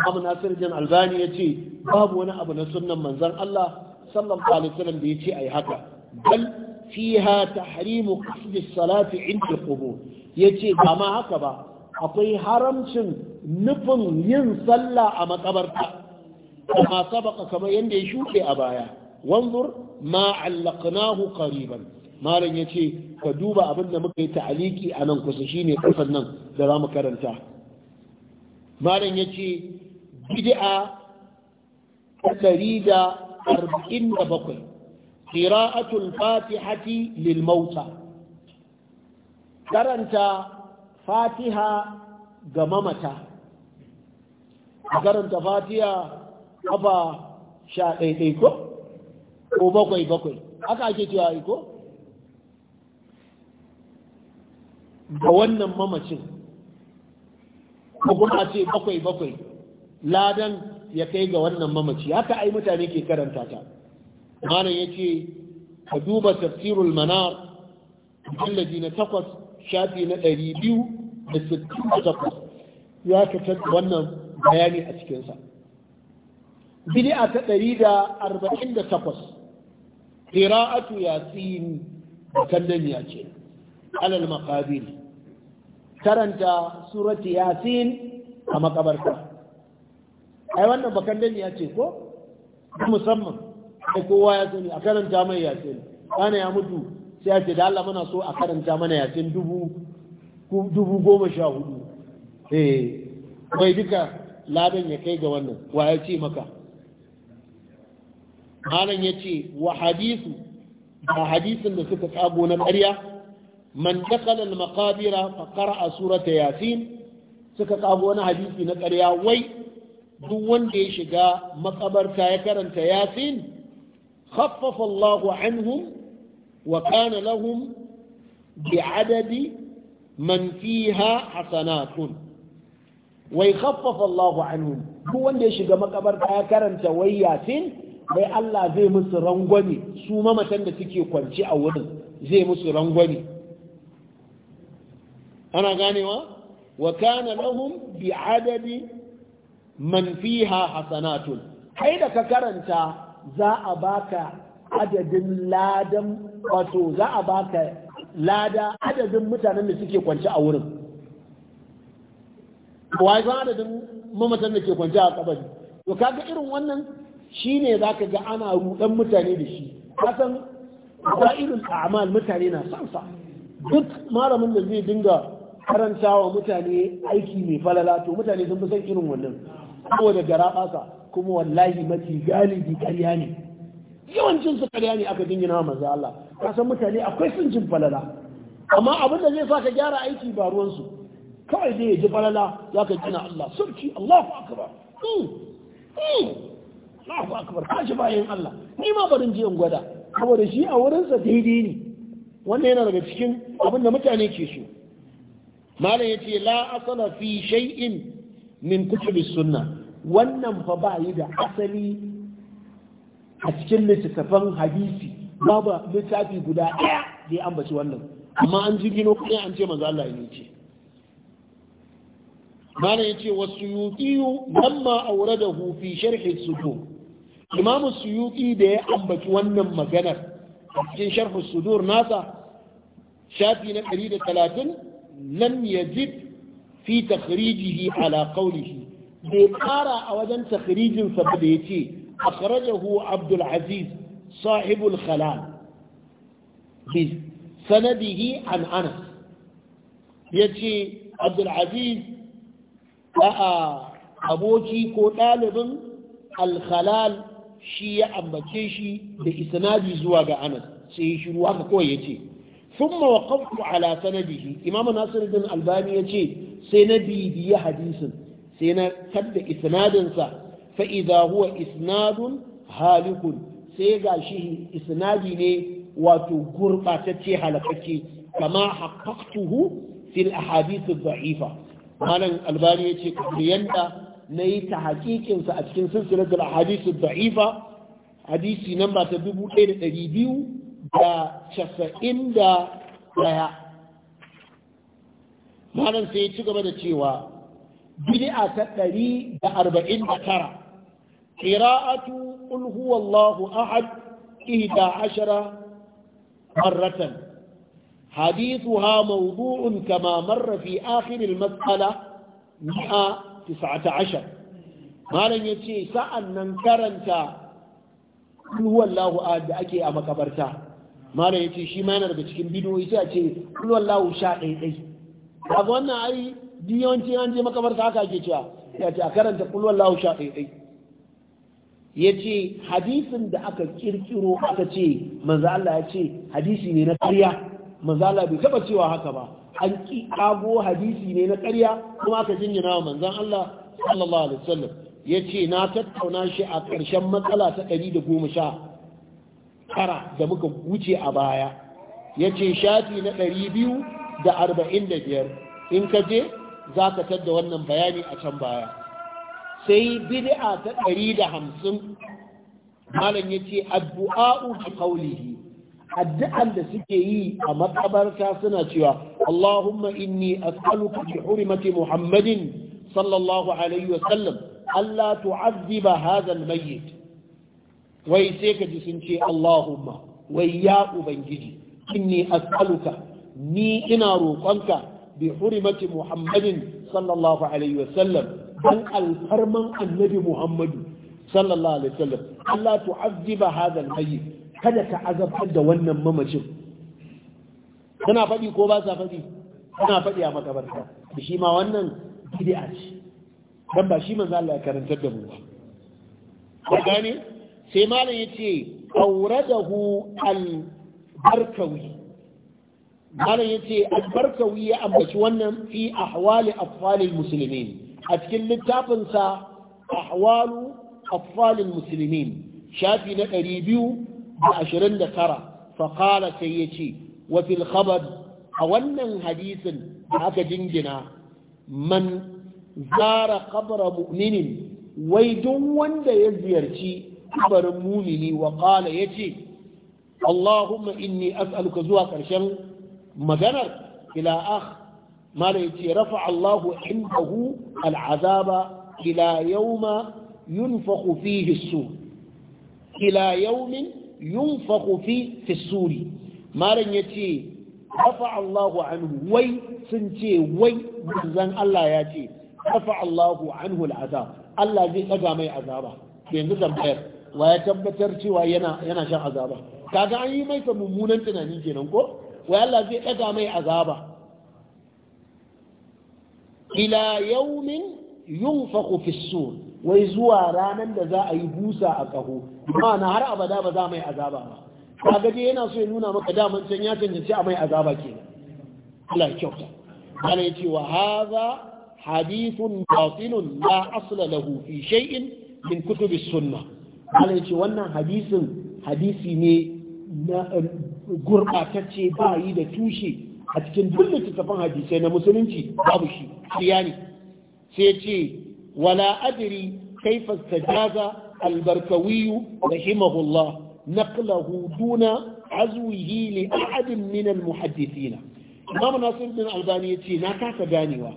Abu Nasir Jan Albani yace babu wani abu na sunnan manzon Allah sallallahu alaihi wasallam da yace ai haka bal fiha tahrimu qasd as-salati 'inda al-qubur yace ba ma haka ba akwai haramcin nufin yin sallah a makabarta kama sabaka kamar yanda ya shuke a baya wanzur ma allaqnahu qariban malam yace ka duba abin da muka yi ta'aliki a nan kusa shine kusan nan da zamu karanta malam yace bid'a 147 qira'atul fatihati lil mauta karanta fatiha ga mamata karanta fatiha kafa sha ɗaiɗai ko ko bakwai bakwai haka ake cewa ko ga wannan mamacin kuma ce bakwai bakwai ladan ya kai ga wannan mamaci haka ai mutane ke karanta ta ya ce ka duba tafsirul manar mujalladi na takwas shafi na ɗari biyu da sittin da takwas ya ka wannan bayani a cikinsa bidi'a ta ɗari da arba'in da takwas qira'atu yasin ya ce alal maqabir karanta surati yasin a makabarta ai wannan ya ce ko musamman ai kowa ya sani a karanta mai yasin kana ya mutu sai ya ce da Allah muna so a karanta mana yasin dubu dubu goma sha hudu eh bai duka labin ya kai ga wannan wa ya ce maka malam ya ce wa hadisu ba hadisin da suka tsago na ƙarya man dakala al-maqabira fa qara'a surata yasin suka tsago wani hadisi na ƙarya wai duk wanda ya shiga makabarta ya karanta yasin khaffafa Allahu anhum wa kana lahum bi adadi man fiha hasanatun wai khaffafa Allahu anhum duk wanda ya shiga makabarta ya karanta wai yasin wai Allah zai musu rangwame su mamatan da suke kwanci a wurin zai musu rangwame ana ganewa wa kana lahum bi adadi man fiha hasanatun kai da ka karanta za a baka adadin ladan wato za a baka lada adadin mutanen da suke kwanci a wurin wai san adadin mamatan da ke kwanci a kabari to kaga irin wannan shi ne za ka ga ana rudan mutane da shi kasan irin amal mutane na sansa duk malamin da zai dinga karanta wa mutane aiki mai falala to mutane sun fi san irin wannan kuma gara basa kuma wallahi mafi galibi karya ne yawancin su karya ne aka dingina maza Allah kasan mutane akwai sun jin falala amma abin da zai sa gyara aiki ba ruwansu kawai zai ji falala za ka gina Allah sarki Allahu akbar hmm. Hmm. Allahu akbar kashi bayan Allah ni ma barin je in gwada saboda shi a wurin wurinsa daidai ne wannan yana daga cikin abin da mutane ke so malam yace la asala fi shay'in min kutubi sunna wannan fa ba yi da asali a cikin littattafan hadisi babu littafi guda ɗaya da ya ambaci wannan amma an ji gino kuma an ce manzo Allah ya ce malam yace wasu yuqiyu lamma awradahu fi sharhi sudur imamu Suyuki da ya ambaci wannan maganar a cikin sharhu sudur nasa shafi na 130 lam yajid fi takhrijihi ala qawlihi bai kara a wajen takhrijin sa ba da yace akhrajahu abdul aziz sahibul khalal bi sanadihi an anas yace abdul aziz a aboki ko ɗalibin alkhalal shi ya ambace shi da isnadi zuwa ga Anas sai ya shiru haka kawai yace thumma waqaftu ala sanadihi Imam Nasiruddin Albani yace sai na bibiya hadisin sai na kadda isnadin sa fa idza huwa isnadun halikun sai ga shi isnadi ne wato gurbatacce halakacce kama haqqaqtuhu fil ahadith ad-da'ifa malam albani yace kamar yanda na yi ta hakikinsa a cikin silsilatul hadisu da'ifa hadisi namba ta dubu da biyu da casa'in da ɗaya malam sai ya ci gaba da cewa bid'a ta ɗari da arba'in da tara ƙira'atu ulhuwallahu ahad ihda ashara marratan حديثها موضوع كما مر في آخر المسألة مئة 19 malam ya ce sa'an nan karanta kulwallahu a da ake a makabarta malam ya ce shi ma yana daga cikin bidiyoyi sai a ce kulwallahu sha ɗaiɗai a wannan ai diyawanci an je makabarta haka ake cewa ya ce a karanta kulwallahu sha ɗaiɗai ya ce hadisin da aka kirkiro aka ce manzala ya ce hadisi ne na karya manzala bai taɓa cewa haka ba an ki kago hadisi ne na ƙarya kuma aka jingina wa manzon Allah sallallahu alaihi wasallam ce na tattauna shi a ƙarshen matsala ta ɗari da goma sha, ƙara da muka wuce a baya Ya ce shafi na ɗari biyu da da arba'in biyar, in ka je za zaka tadda wannan bayani a can baya sai bid'a ta ɗari da hamsin, malam ya yace addu'a'u bi qawlihi addu'an da suke yi a makabarta suna cewa اللهم إني أسألك بحرمة محمد صلى الله عليه وسلم ألا تعذب هذا الميت ويسيك جسنشي اللهم ويا أبنجي إني أسألك ني إنا روقنك بحرمة محمد صلى الله عليه وسلم أن الفرمان النبي محمد صلى الله عليه وسلم ألا تعذب هذا الميت kada ka azabtar da wannan mamacin suna faɗi ko ba sa faɗi suna faɗi a makabarta da shi ma wannan bid'a ce dan ba shi manzo Allah ya karantar da mu ba ka gane sai malam yace awradahu al barkawi malam yace al barkawi ya ambaci wannan fi ahwali afalil muslimin a cikin littafin sa ahwalu afalil muslimin shafi na 229 fa qala sai yace wa fil khabar a wannan hadisin aka jingina man zara qabra mu'minin wai duk wanda ya ziyarci kabarin mumini wa qala yace Allahumma inni as'aluka zuwa ƙarshen maganar ila akh mala ce, rafa Allahu indahu al'azaba ila yawma yunfakhu fihi as-sur ila yawmin yunfakhu as-suri malam ya ce rafa Allahu anhu wai sun ce wai manzon Allah ya ce rafa Allahu anhu al'azab Allah zai daga mai azaba yanzu tambayar wa ya tabbatar cewa yana yana shan azaba kaga an yi mai ta mummunan tunani kenan ko wai Allah zai daga mai azaba ila yawmin yunfaqu fi sur wai zuwa ranan da za a yi busa a kaho ma'ana har abada ba za mai azaba ba ba gaje yana so ya nuna maka daman can ya cancanci a mai azaba kenan Allah ya kyauta ana yace wa hadha hadithun batilun la asla lahu fi shay'in min kutubi sunna. Allah yace wannan hadisin hadisi ne na gurbatacce ba yi da tushe a cikin duk littattafan hadisai na musulunci babu shi Siyani ne sai ce wala adri kaifa tajaza albarkawiyu rahimahullah نقله دون عزوه لأحد من المحدثين إمام ناصر بن ce na ناكاك ganewa.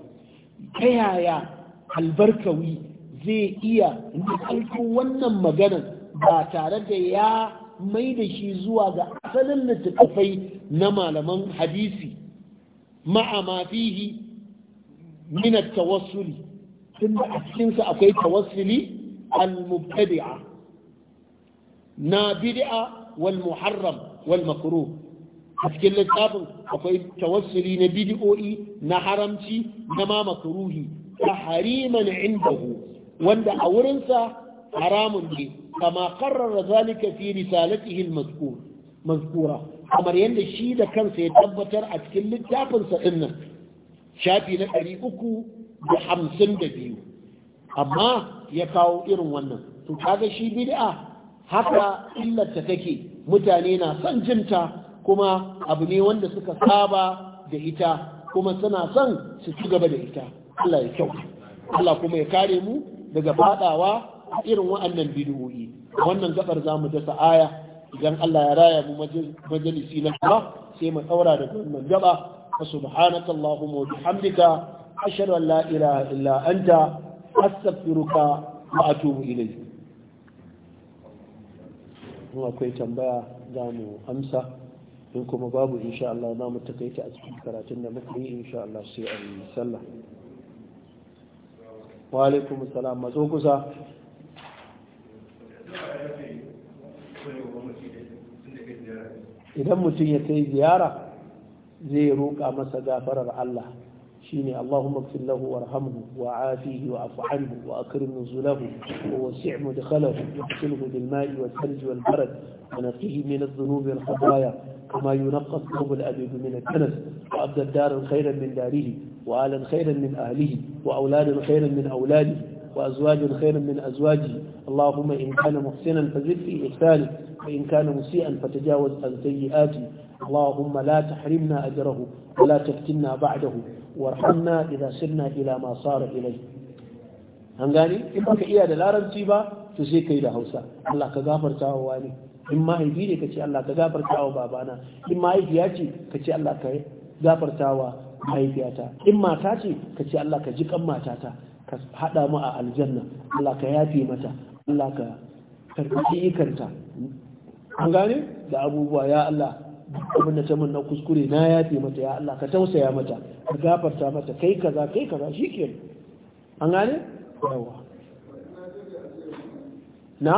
Ta yaya Albarkawi zai iya alko wannan maganan ba tare da ya mai da shi zuwa ga asalin littattafai na malaman hadisi ma'a ma fihi min at-tawassuli tunda a cikinsa akwai tawassuli al-mubtadi'a na bid'a wal muharram wal makruh a cikin littafin akwai tawassuli na bid'o'i na haramci na ma makruhi ta hariman indahu wanda a wurinsa haramun ne kama qarrara zalika fi risalatihi al mazkura kamar yadda shi da kansa ya tabbatar a cikin littafinsa ɗinnan. shafi na 352 amma ya kawo irin wannan to kaga shi bid'a haka illarta take mutane na son jinta kuma abu ne wanda suka saba da ita kuma suna son su ci gaba da ita Allah ya kyau Allah kuma ya kare mu daga fadawa a irin wa'annan bidiyoyi wannan gabar zamu dasa aya idan Allah ya raya mu majalisi na gaba sai mu saura da wannan gaba subhanaka allahumma wa bihamdika ashhadu an la ilaha illa anta astaghfiruka wa atubu ilayk in akwai tambaya za mu amsa in kuma babu insha Allah za mu takaita a cikin karatun da muka yi insha Allah sai a yi sallah wa alaikum salam matso kusa idan mutum ya kai ziyara zai roƙa masa gafarar Allah شيني اللهم اغفر له وارحمه وعافيه واعف عنه واكرم نزله ووسع مدخله واغسله بالماء والثلج والبرد ونقيه من الذنوب والخطايا كما ينقى الثوب الابيض من الدنس وابدل دارا خيرا من داره واهلا خيرا من اهله واولادا خيرا من اولاده وازواجا خيرا من ازواجه اللهم ان كان محسنا فزد في احسانه وان كان مسيئا فتجاوز عن سيئاته اللهم لا تحرمنا أجره ولا تفتنا بعده وارحمنا إذا سرنا إلى ما صار إليه an gani in baka iya da laranci ba to sai kai da hausa Allah ka gafarta wa wani in mahaifi ne ka ce Allah ka gafarta wa babana in mahaifiya ce ka ce Allah ka gafarta wa mahaifiyata in mata ce ka ce Allah ka ji kan matata ka hada mu a aljanna Allah ka yafi mata Allah ka karbi ikanta an gani da abubuwa ya Allah abin da ta mun na kuskure na yafe mata ya Allah ka tausaya mata ka gafarta mata kai kaza kai kaza shikenan an gane yawa na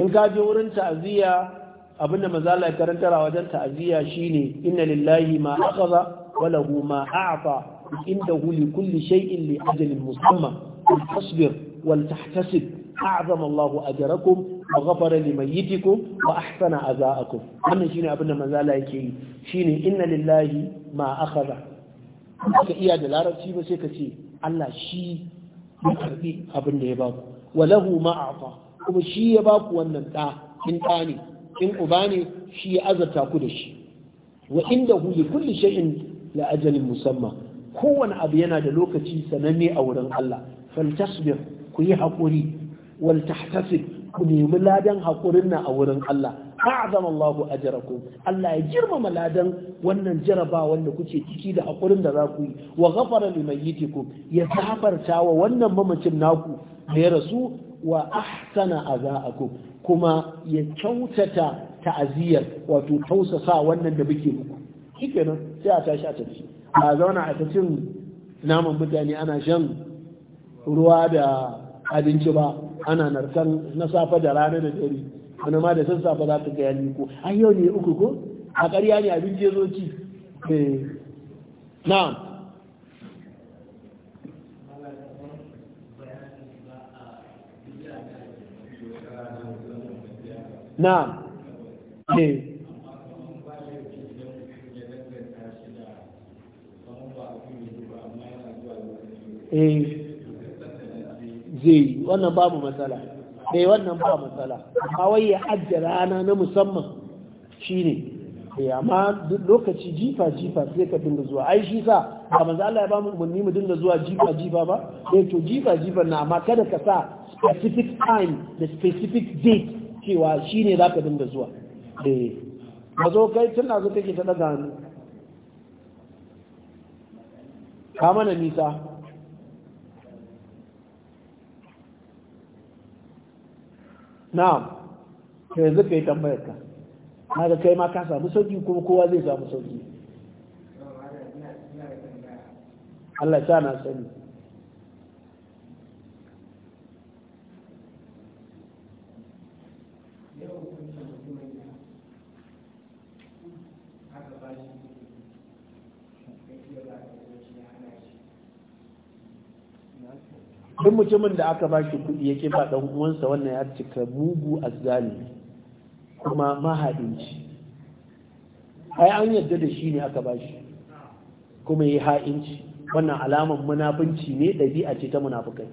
in ka je wurin ta'aziyya abin da manzo Allah ya karantar a wajen ta'aziyya shine inna lillahi ma akhadha wa lahu ma a'ta indahu li kulli shay'in li ajalin musamma tasbir wal tahtasib a'zama Allahu ajrakum wa ghafara limayyitikum wa ahsana azaakum wannan shine abin da manzo Allah yake yi shine inna lillahi ma akhadha ka iya da larabci ba sai ka ce Allah shi ya karbi abin da ya baku wa lahu ma a'ta kuma shi ya baku wannan da in ɗa ne in uba ne shi ya azarta ku da shi wa inda hu li kulli shay'in la ajalin musamma kowane abu yana da lokaci sananne a wurin Allah fal tasbir ku yi haƙuri wal tahtasib ku nemi ladan haƙurin nan a wurin Allah a'azama Allahu ajrakum Allah ya girmama ladan wannan jarabawan da kuke ciki da haƙurin da za ku yi wa ghafara limayyitikum ya safarta wa wannan mamacin naku da ya rasu wa ahsana azaakum kuma ya kyautata ta'aziyar wato tausasa wannan da muke muku shikenan sai a tashi a tafi a zauna a tacin naman mutane ana shan ruwa da abinci ba ana narkan na safa da rana da dare wani ma da safa za ta ga yanni ko ai yau ne uku ko a ƙarya ne abin je zo ci eh, na'am na'am eh eh zai yi wannan babu matsala eh wannan ba matsala amma ya ajiye rana na musamman shine eh amma lokaci jifa jifa sai ka dinga zuwa ai shi sa ba manzo Allah ya ba mu umarni mu dinga zuwa jifa jifa ba eh to jifa jifa na amma kada ka sa specific time da specific date cewa shine ka dinga zuwa eh mazo kai tun da kake ta daga ka mana nisa na'am ta yanzu kai tambayar ka kaga kai ma ka samu sauki kuma kowa zai samu sauki Allah ya sa na sani duk mutumin da aka ba shi kuɗi yake ba ɗan uwansa wannan ya cika mugu azzalimi kuma shi ai an yadda da shi ne aka ba shi kuma yi ha'inci wannan alaman munafunci ne ɗabi'a ce ta munafukai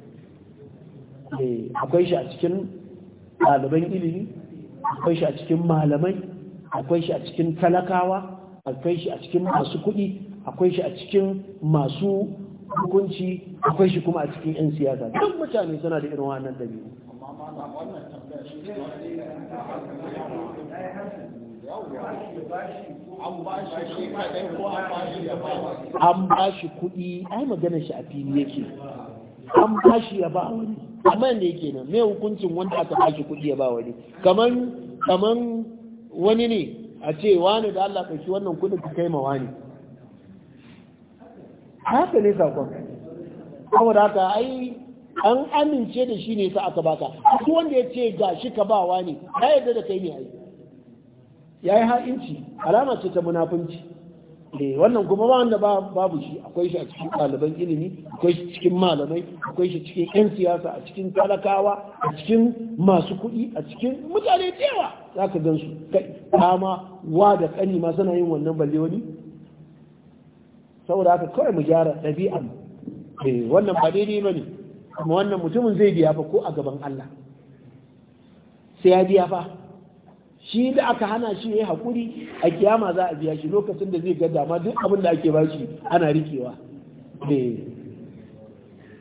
eh, akwai shi a cikin ɗaliban ilimi akwai shi a cikin malamai akwai shi a cikin talakawa akwai shi a cikin masu kuɗi akwai shi a cikin masu hukunci akwai shi kuma a cikin 'yan siyasa duk mutane suna da irin wannan dabi an ba shi kuɗi ai magana shi a fili yake an ba shi ya ba wani amma ne yake nan mai hukuncin wanda aka ba shi kuɗi ya ba wani kaman wani ne a ce wani da Allah ɗauki wannan kuɗin ka kai ma wani haka ne sakon saboda haka ai an amince da shi ne sa aka baka duk wanda ya ce ga shi ka bawa ne ya yarda da kai ne ai ya yi ha'inci alama ce ta munafunci ne eh, wannan kuma ba wanda babu shi akwai shi a cikin ɗaliban ilimi akwai shi cikin malamai akwai shi cikin 'yan siyasa a cikin talakawa a cikin masu kuɗi a cikin mutane da yawa za ka gan su kai kama wa da ƙani ma suna yin wannan balle wani saboda haka kawai mu gyara ɗabi'an eh, wannan ba daidai ba ne kuma wannan mutumin zai biya fa ko a gaban Allah sai ya biya fa shi da aka hana shi ya yi haƙuri a kiyama za a biya shi lokacin da zai ga dama duk abin da ake ba shi ana rikewa eh.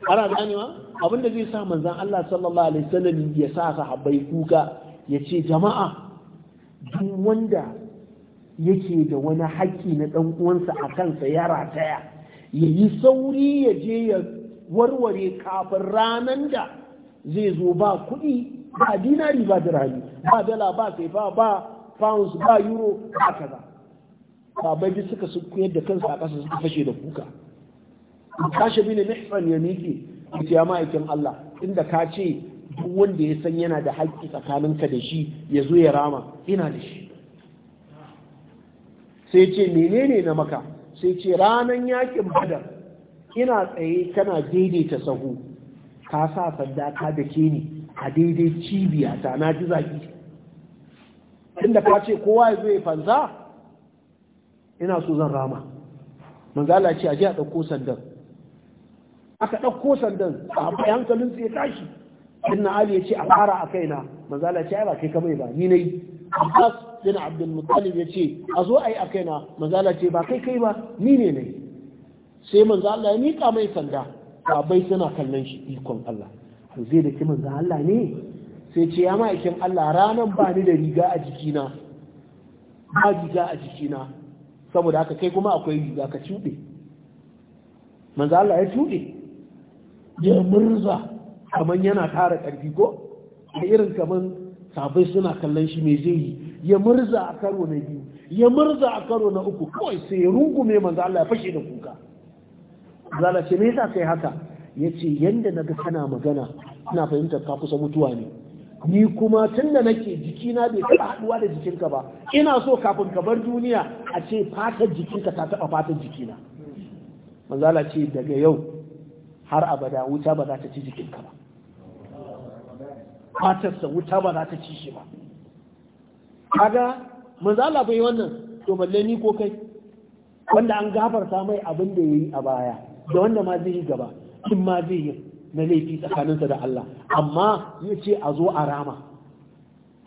ana ganewa abin da zai sa manzan Allah sallallahu alaihi wasallam ya sa sahabbai kuka ya ce jama'a duk wanda yake da wani haƙƙi na ɗan uwansa a kansa ya rataya ya yi sauri ya je ya warware kafin ranar da zai zo ba kuɗi ba dinari ba dirhami ba dala ba sai ba ba pounds ba euro ba kaza babai duk suka koyar da kansa a ƙasa suka fashe da kuka kashe ne mihsan ya miƙe ya ma'aikin Allah inda ka ce duk wanda ya san yana da haƙƙi tsakaninka da shi ya zo ya rama ina da shi sai ce menene na maka sai ce ranan yakin badar ina tsaye kana daidaita sahu ka sa sanda ka da ni a daidai cibiya ta na ji zaki inda ka ce kowa ya zai fanza ina so zan rama manzala ce a ji a ɗauko sandan aka ɗauko sandan a bayan hankalin tsaye tashi inna ali ya ce a fara a kaina manzala ce ai ba kai kamai ba ni na yi Abbas bin Abdul ya ce a zo ai a kaina manzo Allah ce ba kai kai ba ni ne ne sai manzo Allah ya mika mai sanda bai suna kallon shi ikon Allah to zai da ki manzo Allah ne sai ce ya ma'aikin Allah ranan ba ni da riga a jikina ba riga a jikina saboda haka kai kuma akwai riga ka cuɗe manzo Allah ya cuɗe ya murza kaman yana tara karfi ko a irin kaman sabai suna kallon shi mai zai yi ya murza a karo na biyu ya murza a karo na uku kawai sai ya rungume manzo Allah ya fashe da kuka zala ce me yasa kai haka yace yanda naga kana magana ina fahimtar ka kusa mutuwa ne ni kuma tun da nake jikina bai taɓa haɗuwa da jikinka ba ina so kafin ka bar duniya a ce fatar jikinka ta taɓa fatar jikina manzala ce daga yau har abada wuta ba za ta ci jikinka ba fatarsa wuta ba za ta ci shi ba kaga manzala bai wannan to balle ni ko kai wanda an gafarta mai abin da yayi a baya da wanda ma zai yi gaba in ma zai yi na laifi tsakaninsa da Allah amma ya ce a zo a rama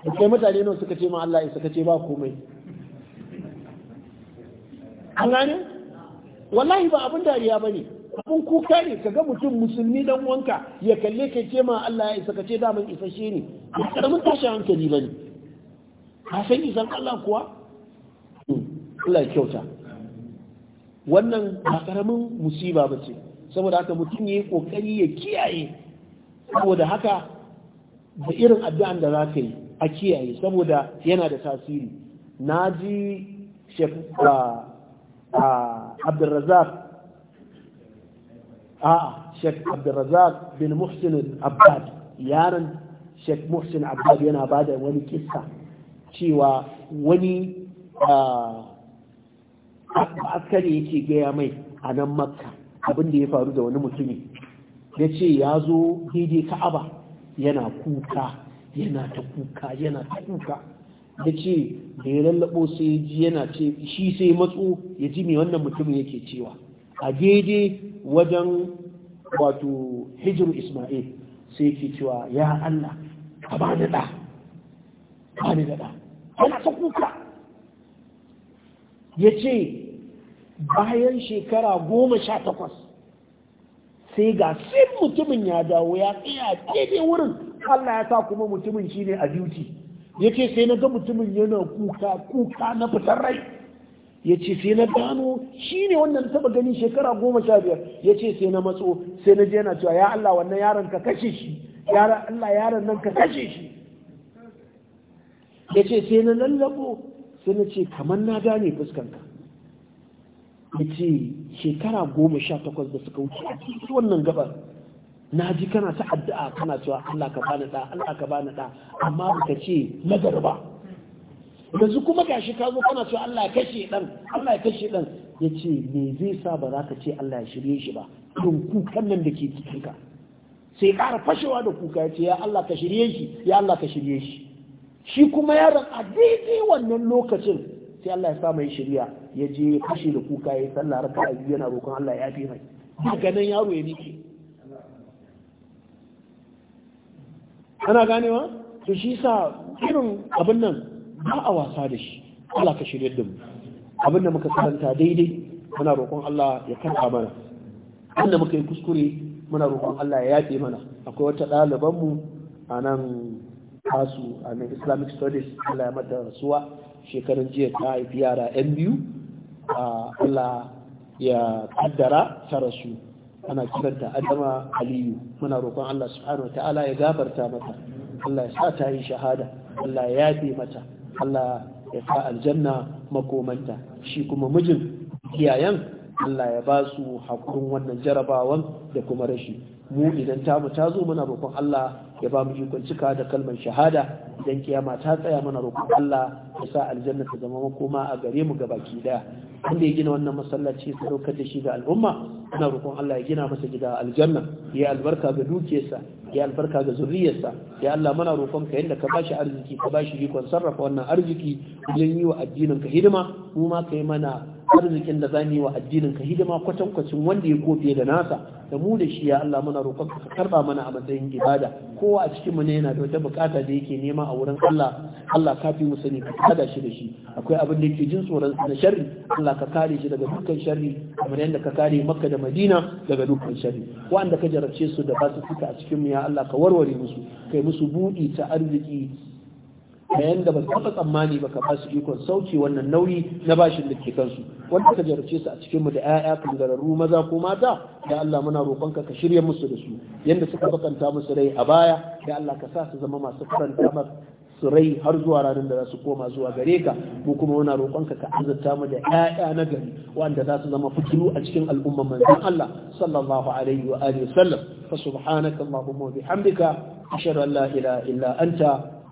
sai mutane nan suka ce ma Allah ya suka ce ba komai an gane wallahi ba abin dariya bane abun kuka ne ka ga mutum musulmi dan wanka ya kalle ka ce ma Allah ya isa ka ce daman isashe ne ba karamin tashin hankali bane ka san isan Allah kuwa hmm, Allah ya kyauta wannan ba karamin musiba ba ce saboda haka mutum ya yi kokari ya kiyaye saboda haka da irin addu'an da za ka yi a kiyaye saboda yana da tasiri na ji shekara ah, ah, abdulrazak a'a Sheikh Abdulrazak bin Muhsin Abbad yaron Sheikh Muhsin Abbad yana bada wani kissa cewa wani askari yake gaya mai a nan Makka abin da ya faru da wani mutumi ya ce ya zo daidai Ka'aba yana kuka yana ta kuka yana ta kuka ya ce da ya lallabo sai ji yana ce shi sai matso ya ji me wannan mutumin yake cewa a daidai wajen wato hijiru ismail sai ke cewa ya Allah ka ba ni da ba ni da da ana ta kuka ya ce bayan shekara goma sha takwas sai ga sai mutumin ya dawo ya tsaya daidai wurin Allah ya sa kuma mutumin shi ne a duty ya ce sai na ga mutumin yana kuka kuka na fitar rai ya ce sai na gano shi ne wannan taba gani shekara goma sha biyar ya ce sai na matso sai na je na cewa ya Allah wannan yaron ka kashe shi yaron Allah yaron nan ka kashe shi ya ce sai na lallabo sai na ce kamar na gane fuskanka ya ce shekara goma sha takwas da suka wuce a cikin wannan gabar na ji kana ta addu'a kana cewa Allah ka bani da Allah ka bani da amma baka ce nazar ba yanzu kuma gashi ka zo kana cewa Allah ya kashe dan Allah ya kashe dan yace me zai sa ba za ka ce Allah ya shirye shi ba don kukan nan da ke cikin ka sai ƙara fashewa da kuka yace ya Allah ka shirye shi ya Allah ka shirye shi shi kuma yaron a daidai wannan lokacin sai Allah ya sa mai shirya ya je kashe da kuka ya sallah raka'a biyu yana roƙon Allah ya fi mai daga nan yaro ya miƙe ana ganewa to shi sa irin abin nan ba a wasa da shi Allah ka shirye da mu abin da muka karanta daidai muna roƙon Allah ya karɓa mana da muka yi kuskure muna roƙon Allah ya yafe mana akwai wata ɗaliban mu a nan kasu a nan Islamic Studies Allah ya mata rasuwa shekarun jiya ta haifi yara yan biyu Allah ya kaddara ta rasu ana kiranta Adama Aliyu muna roƙon Allah subhanahu wa ta'ala ya gafarta mata Allah ya sa ta yi shahada Allah ya yafe mata Allah ya sa aljanna makomanta shi kuma mijin iyayen Allah ya ba su hakurin wannan jarabawan da kuma rashi mu idan tamu ta zo muna roƙon Allah ya ba mu ikon cika da kalmar shahada idan kiyama ta tsaya muna roƙon Allah ya sa aljanna ta zama makoma a gare mu gabaki daya wanda ya gina wannan masallaci ya daukar da shi ga al'umma muna roƙon Allah ya gina masa gida aljanna ya albarka ga dukiyarsa ya albarka ga zuriyarsa ya Allah muna roƙon ka yanda ka bashi arziki ka bashi ikon sarrafa wannan arziki wajen yi wa addinin ka hidima mu ma kai mana arzikin da zamu yi wa addinin ka hidima kwatankwacin wanda ya kofe da nasa da mu da shi ya Allah muna roƙon ka karba mana a matsayin ibada kowa a cikin mu ne yana da wata bukata da yake nema a wurin Allah Allah ka fi mu sani ka kada shi da shi akwai abin da yake jin tsoron na sharri Allah ka kare shi daga dukkan sharri kamar yadda ka kare Makka da Madina daga dukkan sharri wanda ka jarabce su da basu fita a cikin mu ya Allah ka warware musu kai musu buɗi ta arziki da yanda ba taɓa tsammani ba ka ba su ikon sauki wannan nauyi na bashin da ke kansu wanda ka jarce su a cikinmu da 'ya'ya kangararru maza ko mata da Allah muna roƙonka ka shirya musu da su yanda suka bakanta musu rai a baya da Allah ka sa su zama masu karanta su rai har zuwa ranar da za su koma zuwa gare ka mu kuma muna roƙonka ka azurta mu da 'ya'ya na gari wanda za su zama fitilu a cikin al'ummar manzon Allah sallallahu alaihi wa alihi wa sallam fa subhanaka allahumma wa bihamdika ashhadu an la ilaha illa anta